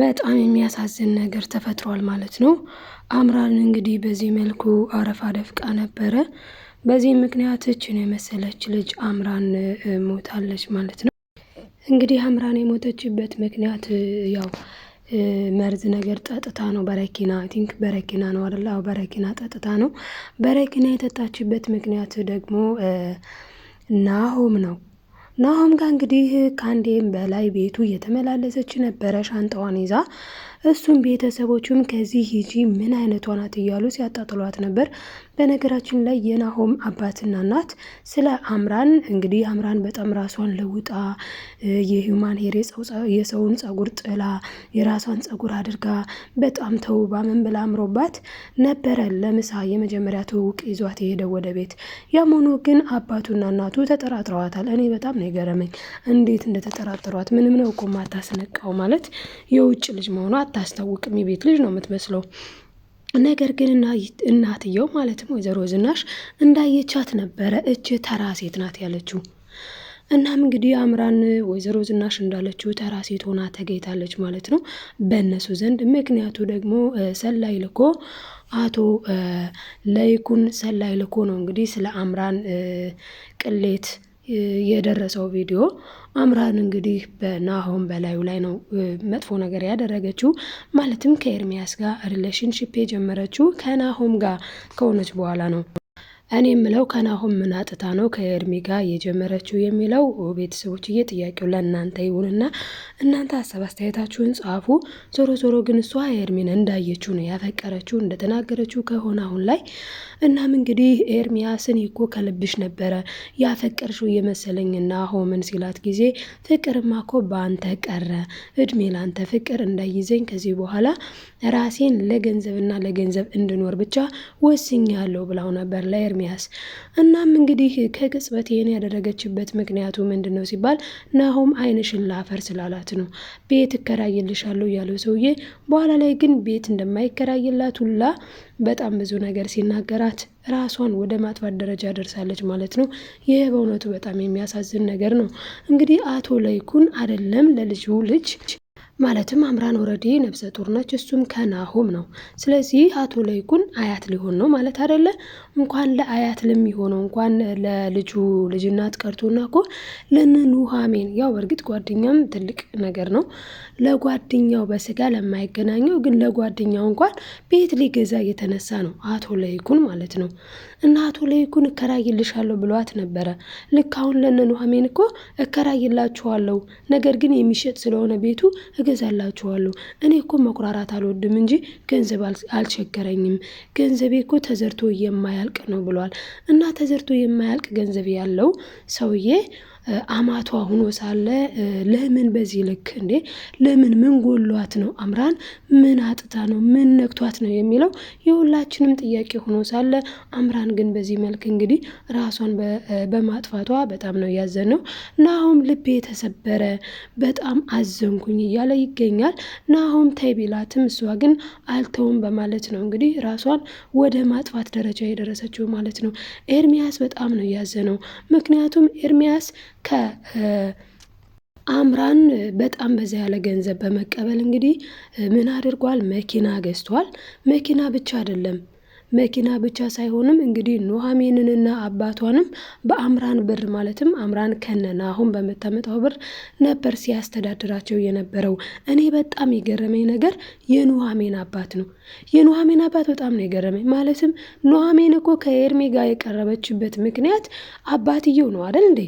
በጣም የሚያሳዝን ነገር ተፈጥሯል ማለት ነው። አምራን እንግዲህ በዚህ መልኩ አረፋ ደፍቃ ነበረ። በዚህ ምክንያት እችን የመሰለች ልጅ አምራን ሞታለች ማለት ነው። እንግዲህ አምራን የሞተችበት ምክንያት ያው መርዝ ነገር ጠጥታ ነው። በረኪና አይ ቲንክ በረኪና ነው አይደለ? አዎ በረኪና ጠጥታ ነው። በረኪና የጠጣችበት ምክንያት ደግሞ ናሆም ነው። ናሆም ጋር እንግዲህ ከአንዴም በላይ ቤቱ እየተመላለሰች ነበረ ሻንጣዋን ይዛ እሱም ቤተሰቦቹም ከዚህ ሂጂ ምን አይነቷ ናት እያሉ ሲያጣጥሏት ነበር። በነገራችን ላይ የናሆም አባትና እናት ስለ አምራን እንግዲህ አምራን በጣም ራሷን ለውጣ የሂውማን ሄር የሰውን ጸጉር ጥላ የራሷን ጸጉር አድርጋ በጣም ተውባ ምን ብላ አምሮባት ነበረ ለምሳ የመጀመሪያ ትውውቅ ይዟት የሄደው ወደ ቤት። ያም ሆኖ ግን አባቱና እናቱ ተጠራጥረዋታል። እኔ በጣም ነው የገረመኝ እንዴት እንደተጠራጠሯት። ምንም ነው እኮ ማታስነቃው ማለት የውጭ ልጅ መሆኗ አታስታውቅም፣ የቤት ልጅ ነው የምትመስለው። ነገር ግን እናትየው ማለትም ወይዘሮ ዝናሽ እንዳየቻት ነበረ እች ተራ ሴት ናት ያለችው። እናም እንግዲህ አምራን ወይዘሮ ዝናሽ እንዳለችው ተራ ሴት ሆና ተገኝታለች ማለት ነው በእነሱ ዘንድ። ምክንያቱ ደግሞ ሰላይ ልኮ አቶ ለይኩን ሰላይ ልኮ ነው እንግዲህ ስለ አምራን ቅሌት የደረሰው ቪዲዮ አምራን እንግዲህ በናሆም በላዩ ላይ ነው መጥፎ ነገር ያደረገችው። ማለትም ከኤርሚያስ ጋር ሪሌሽንሽፕ የጀመረችው ከናሆም ጋር ከሆነች በኋላ ነው። እኔ የምለው ከናሆም ምን አጥታ ነው ከኤርሚ ጋር የጀመረችው የሚለው ቤተሰቦችዬ፣ ጥያቄው ለእናንተ ይሁንና እናንተ ሀሳብ አስተያየታችሁን ጻፉ። ዞሮ ዞሮ ግን እሷ ኤርሚን እንዳየችው ነው ያፈቀረችው እንደተናገረችው ከሆነ አሁን ላይ እናም እንግዲህ ኤርሚያስን እኮ ከልብሽ ነበረ ያፈቀርሽው የመሰለኝ ናሆምን ሲላት ጊዜ ፍቅርማ እኮ በአንተ ቀረ፣ እድሜ ለአንተ ፍቅር እንዳይዘኝ ከዚህ በኋላ ራሴን ለገንዘብና ለገንዘብ እንድኖር ብቻ ወስኛለሁ ብላው ነበር ኤርሚያስ። እናም እንግዲህ ከቅጽበት ይህን ያደረገችበት ምክንያቱ ምንድን ነው ሲባል ናሆም ዓይንሽን ላፈር ስላላት ነው። ቤት እከራይልሻለሁ ያለው ሰውዬ በኋላ ላይ ግን ቤት እንደማይከራይላት ሁላ በጣም ብዙ ነገር ሲናገራት ራሷን ወደ ማጥፋት ደረጃ ደርሳለች ማለት ነው። ይህ በእውነቱ በጣም የሚያሳዝን ነገር ነው። እንግዲህ አቶ ለይኩን አይደለም ለልጁ ልጅ ማለትም አምራን ወረዴ ነብሰ ጡር ነች፣ እሱም ከናሆም ነው። ስለዚህ አቶ ለይኩን አያት ሊሆን ነው ማለት አደለ? እንኳን ለአያት ለሚሆነው እንኳን ለልጁ ልጅናት ቀርቶና እኮ ለኑሃሜን ያው በእርግጥ ጓደኛም ትልቅ ነገር ነው። ለጓደኛው በስጋ ለማይገናኘው ግን ለጓደኛው እንኳን ቤት ሊገዛ እየተነሳ ነው አቶ ለይኩን ማለት ነው። እና አቶ ለይኩን እከራይልሻለሁ ብሏት ነበረ። ልክ አሁን ለነ ኑሃሜን እኮ እከራይላችኋለሁ ነገር ግን የሚሸጥ ስለሆነ ቤቱ እገዛላችኋለሁ። እኔ እኮ መኩራራት አልወድም እንጂ ገንዘብ አልቸገረኝም። ገንዘቤ እኮ ተዘርቶ የማያልቅ ነው ብሏል። እና ተዘርቶ የማያልቅ ገንዘብ ያለው ሰውዬ አማቷ ሆኖ ሳለ ለምን በዚህ ልክ እንዴ? ለምን ምን ጎሏት ነው? አምራን ምን አጥታ ነው? ምን ነክቷት ነው የሚለው የሁላችንም ጥያቄ ሆኖ ሳለ አምራን ግን በዚህ መልክ እንግዲህ ራሷን በማጥፋቷ በጣም ነው ያዘን ነው። ናሁም ልቤ የተሰበረ በጣም አዘንኩኝ እያለ ይገኛል። ናሁም ተይ ቢላትም እሷ ግን አልተውም በማለት ነው እንግዲህ ራሷን ወደ ማጥፋት ደረጃ የደረሰችው ማለት ነው። ኤርሚያስ በጣም ነው ያዘነው። ምክንያቱም ኤርሚያስ ከአምራን በጣም በዛ ያለ ገንዘብ በመቀበል እንግዲህ ምን አድርጓል? መኪና ገዝቷል። መኪና ብቻ አይደለም መኪና ብቻ ሳይሆንም እንግዲህ ኑሐሚንንና አባቷንም በአምራን ብር ማለትም አምራን ከነና አሁን በምታመጣው ብር ነበር ሲያስተዳድራቸው የነበረው። እኔ በጣም የገረመኝ ነገር የኑሐሚን አባት ነው። የኑሐሚን አባት በጣም ነው የገረመኝ። ማለትም ኑሐሚን እኮ ከኤርሜ ጋር የቀረበችበት ምክንያት አባትየው ነው አይደል እንዴ?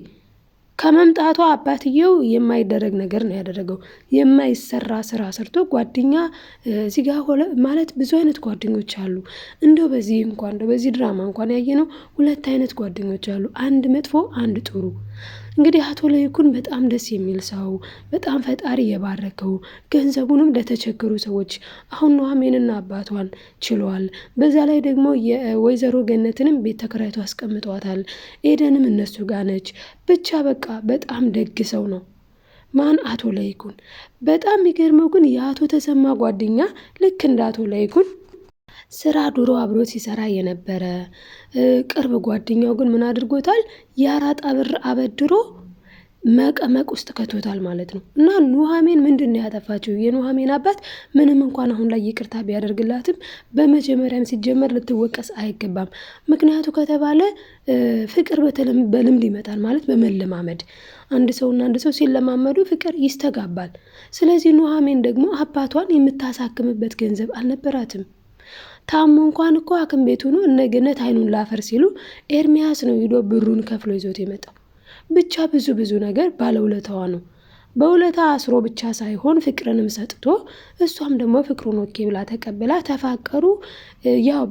ከመምጣቷ አባትየው የማይደረግ ነገር ነው ያደረገው። የማይሰራ ስራ ሰርቶ ጓደኛ እዚህ ማለት ብዙ አይነት ጓደኞች አሉ። እንደው በዚህ እንኳን እንደው በዚህ ድራማ እንኳን ያየነው ሁለት አይነት ጓደኞች አሉ። አንድ መጥፎ፣ አንድ ጥሩ እንግዲህ አቶ ለይኩን በጣም ደስ የሚል ሰው፣ በጣም ፈጣሪ የባረከው ገንዘቡንም ለተቸገሩ ሰዎች አሁን ኑሐሚንና አባቷን ችሏል። በዛ ላይ ደግሞ የወይዘሮ ገነትንም ቤት ተከራይቶ አስቀምጧታል። ኤደንም እነሱ ጋር ነች። ብቻ በቃ በጣም ደግ ሰው ነው። ማን አቶ ለይኩን። በጣም የሚገርመው ግን የአቶ ተሰማ ጓደኛ ልክ እንደ አቶ ለይኩን ስራ ድሮ አብሮት ሲሰራ የነበረ ቅርብ ጓደኛው ግን ምን አድርጎታል? የአራጣ ብር አበድሮ መቀመቅ ውስጥ ከቶታል ማለት ነው። እና ኑሐሚን ምንድን ነው ያጠፋችው? የኑሐሚን አባት ምንም እንኳን አሁን ላይ ይቅርታ ቢያደርግላትም በመጀመሪያም ሲጀመር ልትወቀስ አይገባም። ምክንያቱ ከተባለ ፍቅር በልምድ ይመጣል ማለት በመለማመድ አንድ ሰውና አንድ ሰው ሲለማመዱ ፍቅር ይስተጋባል። ስለዚህ ኑሐሚን ደግሞ አባቷን የምታሳክምበት ገንዘብ አልነበራትም። ታሞ እንኳን እኮ ሐኪም ቤቱ ነው እነ ገነት አይኑን ላፈር ሲሉ ኤርሚያስ ነው ሂዶ ብሩን ከፍሎ ይዞት የመጣው። ብቻ ብዙ ብዙ ነገር ባለውለታዋ ነው። በውለታ አስሮ ብቻ ሳይሆን ፍቅርንም ሰጥቶ እሷም ደግሞ ፍቅሩን ኦኬ ብላ ተቀብላ ተፋቀሩ። ያው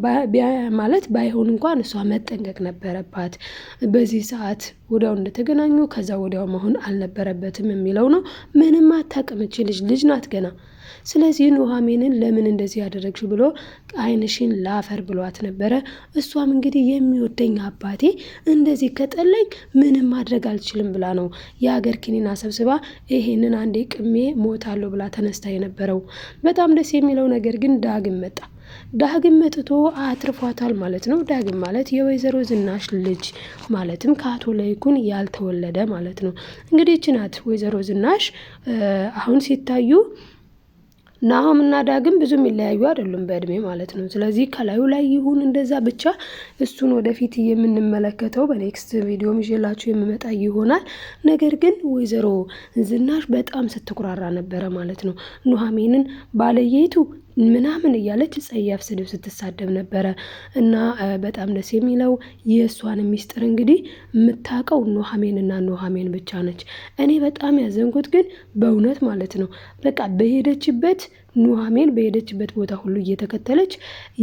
ማለት ባይሆን እንኳን እሷ መጠንቀቅ ነበረባት። በዚህ ሰዓት ወዲያው እንደተገናኙ ከዛ ወዲያው መሆን አልነበረበትም የሚለው ነው። ምንም አታውቅም ልጅ ልጅ ናት ገና። ስለዚህ ኑሃሚንን ለምን እንደዚህ ያደረግሽ ብሎ አይንሽን ላፈር ብሏት ነበረ። እሷም እንግዲህ የሚወደኝ አባቴ እንደዚህ ከጠለኝ ምንም ማድረግ አልችልም ብላ ነው የሀገር ኪኒን አሰብስባ ይሄንን አንዴ ቅሜ ሞታለሁ ብላ ተነስታ የነበረው። በጣም ደስ የሚለው ነገር ግን ዳግም መጣ። ዳግም መጥቶ አትርፏታል ማለት ነው። ዳግም ማለት የወይዘሮ ዝናሽ ልጅ ማለትም ከአቶ ለይኩን ያልተወለደ ማለት ነው። እንግዲህ ችናት ወይዘሮ ዝናሽ አሁን ሲታዩ ናሆም እና ዳግም ብዙ የሚለያዩ አይደሉም በእድሜ ማለት ነው። ስለዚህ ከላዩ ላይ ይሁን እንደዛ ብቻ እሱን ወደፊት የምንመለከተው በኔክስት ቪዲዮ ይዤላችሁ የምመጣ ይሆናል። ነገር ግን ወይዘሮ ዝናሽ በጣም ስትኩራራ ነበረ ማለት ነው ኑሐሚንን ባለየቱ ምናምን እያለች ጸያፍ ስድብ ስትሳደብ ነበረ እና በጣም ደስ የሚለው የእሷን ሚስጥር እንግዲህ የምታውቀው ኑሐሚንና ኑሐሚን ብቻ ነች። እኔ በጣም ያዘንኩት ግን በእውነት ማለት ነው በቃ በሄደችበት ኑሐሚን በሄደችበት ቦታ ሁሉ እየተከተለች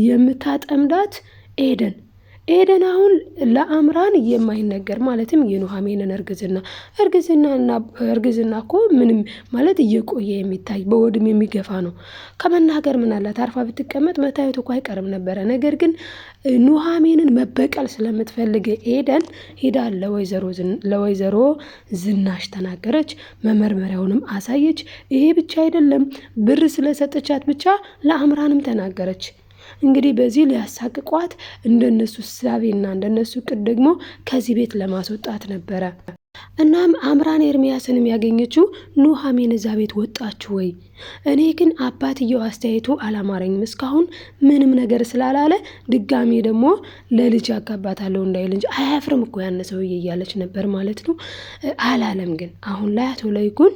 የምታጠምዳት ኤደን ኤደን አሁን ለአምራን የማይነገር ማለትም የኑሐሚንን እርግዝና እርግዝናና እርግዝና እኮ ምንም ማለት እየቆየ የሚታይ በወድም የሚገፋ ነው። ከመናገር ምን አላት አርፋ ብትቀመጥ መታየቱ እኮ አይቀርም ነበረ። ነገር ግን ኑሐሚንን መበቀል ስለምትፈልግ ኤደን ሄዳ ለወይዘሮ ዝናሽ ተናገረች። መመርመሪያውንም አሳየች። ይሄ ብቻ አይደለም፣ ብር ስለሰጠቻት ብቻ ለአምራንም ተናገረች። እንግዲህ በዚህ ሊያሳቅቋት እንደነሱ ሳቤና እንደነሱ እቅድ ደግሞ ከዚህ ቤት ለማስወጣት ነበረ። እናም አምራን ኤርሚያስንም ያገኘችው ኑሐሚን እዛ ቤት ወጣችሁ ወይ እኔ ግን አባትየው አስተያየቱ አላማረኝም። እስካሁን ምንም ነገር ስላላለ ድጋሜ ደግሞ ለልጅ ያጋባታለሁ እንዳይል እንጂ አያፍርም እኮ ያን ሰውዬ እያለች ነበር ማለት ነው። አላለም ግን አሁን ላይ አቶ ለይኩን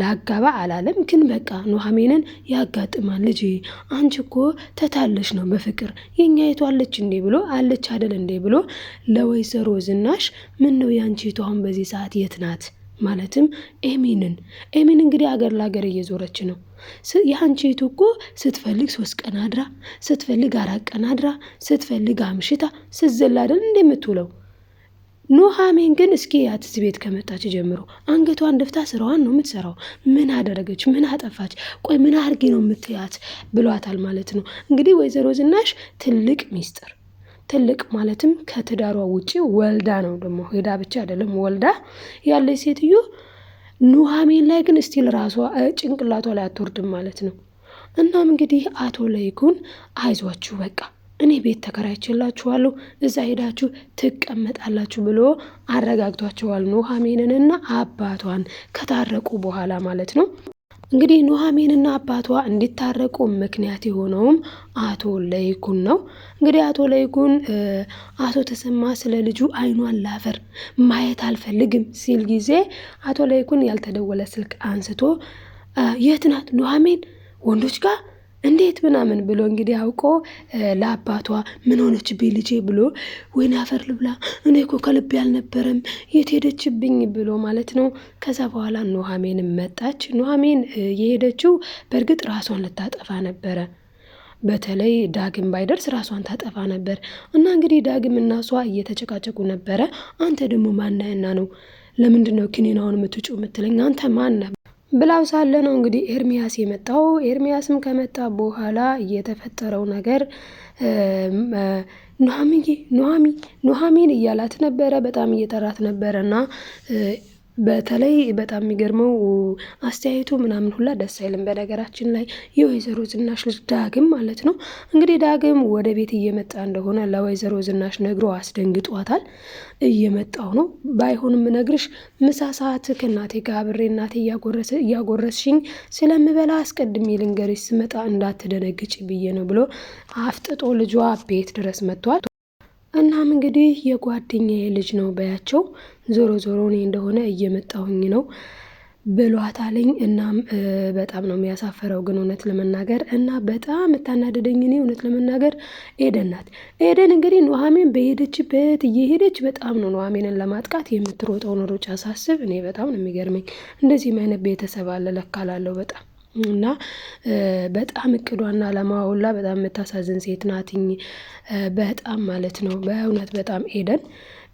ላጋባ አላለም። ግን በቃ ኑሐሚንን ያጋጥማል። ልጅ አንቺ እኮ ተታለች ነው በፍቅር የኛ የቱ አለች እንዴ ብሎ አለች አደል እንዴ ብሎ ለወይዘሮ ዝናሽ ምን ነው ያንቺ የቱ አሁን በዚህ ሰዓት የት ናት ማለትም ኤሚንን ኤሚን እንግዲህ አገር ለሀገር እየዞረች ነው። የአንቺ እኮ ስትፈልግ ሶስት ቀን አድራ፣ ስትፈልግ አራት ቀን አድራ፣ ስትፈልግ አምሽታ ስዘላደን እንደምትውለው። ኑሐሚን ግን እስኪ ያትዝ ቤት ከመጣች ጀምሮ አንገቷን ደፍታ ስራዋን ነው የምትሰራው። ምን አደረገች? ምን አጠፋች? ቆይ ምን አርጊ ነው የምትያት ብሏታል ማለት ነው። እንግዲህ ወይዘሮ ዝናሽ ትልቅ ሚስጥር ትልቅ ማለትም ከትዳሯ ውጪ ወልዳ ነው ደግሞ ሄዳ ብቻ አይደለም ወልዳ ያለች ሴትዮ ኑሐሚን ላይ ግን እስቲል ራሷ ጭንቅላቷ ላይ አትወርድም ማለት ነው። እናም እንግዲህ አቶ ለይኩን አይዟችሁ በቃ እኔ ቤት ተከራይቼላችኋለሁ እዛ ሄዳችሁ ትቀመጣላችሁ ብሎ አረጋግቷቸዋል ኑሐሚንንና አባቷን ከታረቁ በኋላ ማለት ነው። እንግዲህ ኑሐሚንና አባቷ እንዲታረቁ ምክንያት የሆነውም አቶ ለይኩን ነው። እንግዲህ አቶ ለይኩን አቶ ተሰማ ስለ ልጁ አይኗን ላፈር ማየት አልፈልግም ሲል ጊዜ አቶ ለይኩን ያልተደወለ ስልክ አንስቶ የት ናት ኑሐሚን ወንዶች ጋር እንዴት ምናምን ብሎ እንግዲህ አውቆ ለአባቷ ምን ሆነችብኝ ልጄ ብሎ ወይን አፈር ልብላ እኔ እኮ ከልቤ አልነበረም የት ሄደችብኝ ብሎ ማለት ነው። ከዛ በኋላ ኑሐሚንም መጣች። ኑሐሚን የሄደችው በእርግጥ ራሷን ልታጠፋ ነበረ። በተለይ ዳግም ባይደርስ ራሷን ታጠፋ ነበር። እና እንግዲህ ዳግም እና እሷ እየተጨቃጨቁ ነበረ። አንተ ደግሞ ማነህና ነው ለምንድን ነው ክኒናውን የምትጩ የምትለኝ አንተ ማነህ? ብላው ሳለ ነው እንግዲህ ኤርሚያስ የመጣው። ኤርሚያስም ከመጣ በኋላ የተፈጠረው ነገር ኑሐሚን ኑሐሚን ኑሐሚን እያላት ነበረ። በጣም እየጠራት ነበረ ነበረና በተለይ በጣም የሚገርመው አስተያየቱ ምናምን ሁላ ደስ አይልም። በነገራችን ላይ የወይዘሮ ዝናሽ ልጅ ዳግም ማለት ነው እንግዲህ ዳግም ወደ ቤት እየመጣ እንደሆነ ለወይዘሮ ዝናሽ ነግሮ አስደንግጧታል። እየመጣው ነው ባይሆንም ነግርሽ ምሳ ሰዓት ከእናቴ ጋር አብሬ እናቴ እያጎረስሽኝ ስለምበላ አስቀድሜ ልንገርሽ ስመጣ እንዳትደነግጭ ብዬ ነው ብሎ አፍጥጦ ልጇ ቤት ድረስ መጥቷል። እናም እንግዲህ የጓደኛዬ ልጅ ነው በያቸው ዞሮ ዞሮ እኔ እንደሆነ እየመጣሁኝ ነው ብሏታለኝ። እናም በጣም ነው የሚያሳፈረው ግን እውነት ለመናገር እና በጣም እታናደደኝ እኔ እውነት ለመናገር ኤደን ናት። ኤደን እንግዲህ ኑሐሚን በሄደችበት እየሄደች በጣም ነው ኑሐሚንን ለማጥቃት የምትሮጠው ኖሮች አሳስብ እኔ በጣም ነው የሚገርመኝ። እንደዚህም አይነት ቤተሰብ አለ ለካ በጣም እና በጣም እቅዷና አላማዋ ሁላ በጣም የምታሳዝን ሴት ናትኝ። በጣም ማለት ነው በእውነት በጣም ኤደን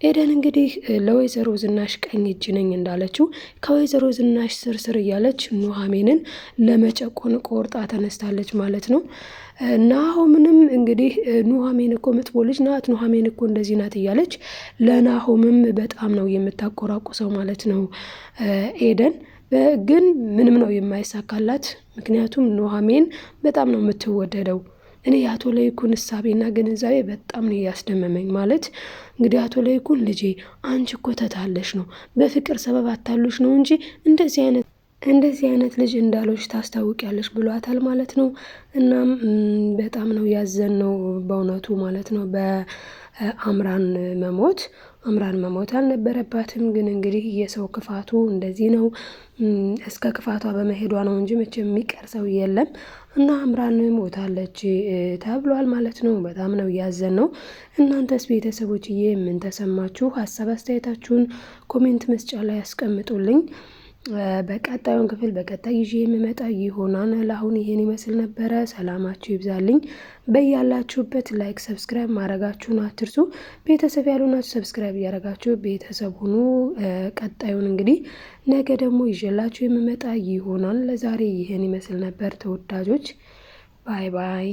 ኤደን እንግዲህ ለወይዘሮ ዝናሽ ቀኝ እጅ ነኝ እንዳለችው ከወይዘሮ ዝናሽ ስር ስር እያለች ኑሐሚንን ለመጨቆን ቆርጣ ተነስታለች ማለት ነው። ናሆምንም እንግዲህ ኑሐሚን እኮ መጥፎ ልጅ ናት፣ ኑሐሚን እኮ እንደዚህ ናት እያለች ለናሆምም በጣም ነው የምታቆራቁሰው ማለት ነው ኤደን ግን ምንም ነው የማይሳካላት። ምክንያቱም ኑሐሚን በጣም ነው የምትወደደው። እኔ የአቶ ለይኩን እሳቤና ግንዛቤ በጣም ነው እያስደመመኝ ማለት እንግዲህ አቶ ለይኩን ልጄ፣ አንቺ እኮ ተታለሽ ነው በፍቅር ሰበብ አታሉሽ ነው እንጂ እንደዚህ አይነት እንደዚህ አይነት ልጅ እንዳሎች ታስታውቂያለሽ ብሏታል ማለት ነው። እናም በጣም ነው ያዘን ነው በእውነቱ ማለት ነው በአምራን መሞት አምራን መሞት አልነበረባትም። ግን እንግዲህ የሰው ክፋቱ እንደዚህ ነው። እስከ ክፋቷ በመሄዷ ነው እንጂ መቼ የሚቀር ሰው የለም እና አምራን ሞታለች ተብሏል ማለት ነው። በጣም ነው ያዘን ነው። እናንተስ ቤተሰቦችዬ ምን ተሰማችሁ? ሀሳብ አስተያየታችሁን ኮሜንት መስጫ ላይ ያስቀምጡልኝ። በቀጣዩን ክፍል በቀጣይ ይዤ የምመጣ ይሆናል። ለአሁን ይሄን ይመስል ነበረ። ሰላማችሁ ይብዛልኝ። በያላችሁበት ላይክ፣ ሰብስክራይብ ማድረጋችሁን አትርሱ። ቤተሰብ ያሉናችሁ ሰብስክራይብ እያደረጋችሁ ቤተሰብ ሁኑ። ቀጣዩን እንግዲህ ነገ ደግሞ ይዤላችሁ የምመጣ ይሆናል። ለዛሬ ይሄን ይመስል ነበር ተወዳጆች። ባይ ባይ።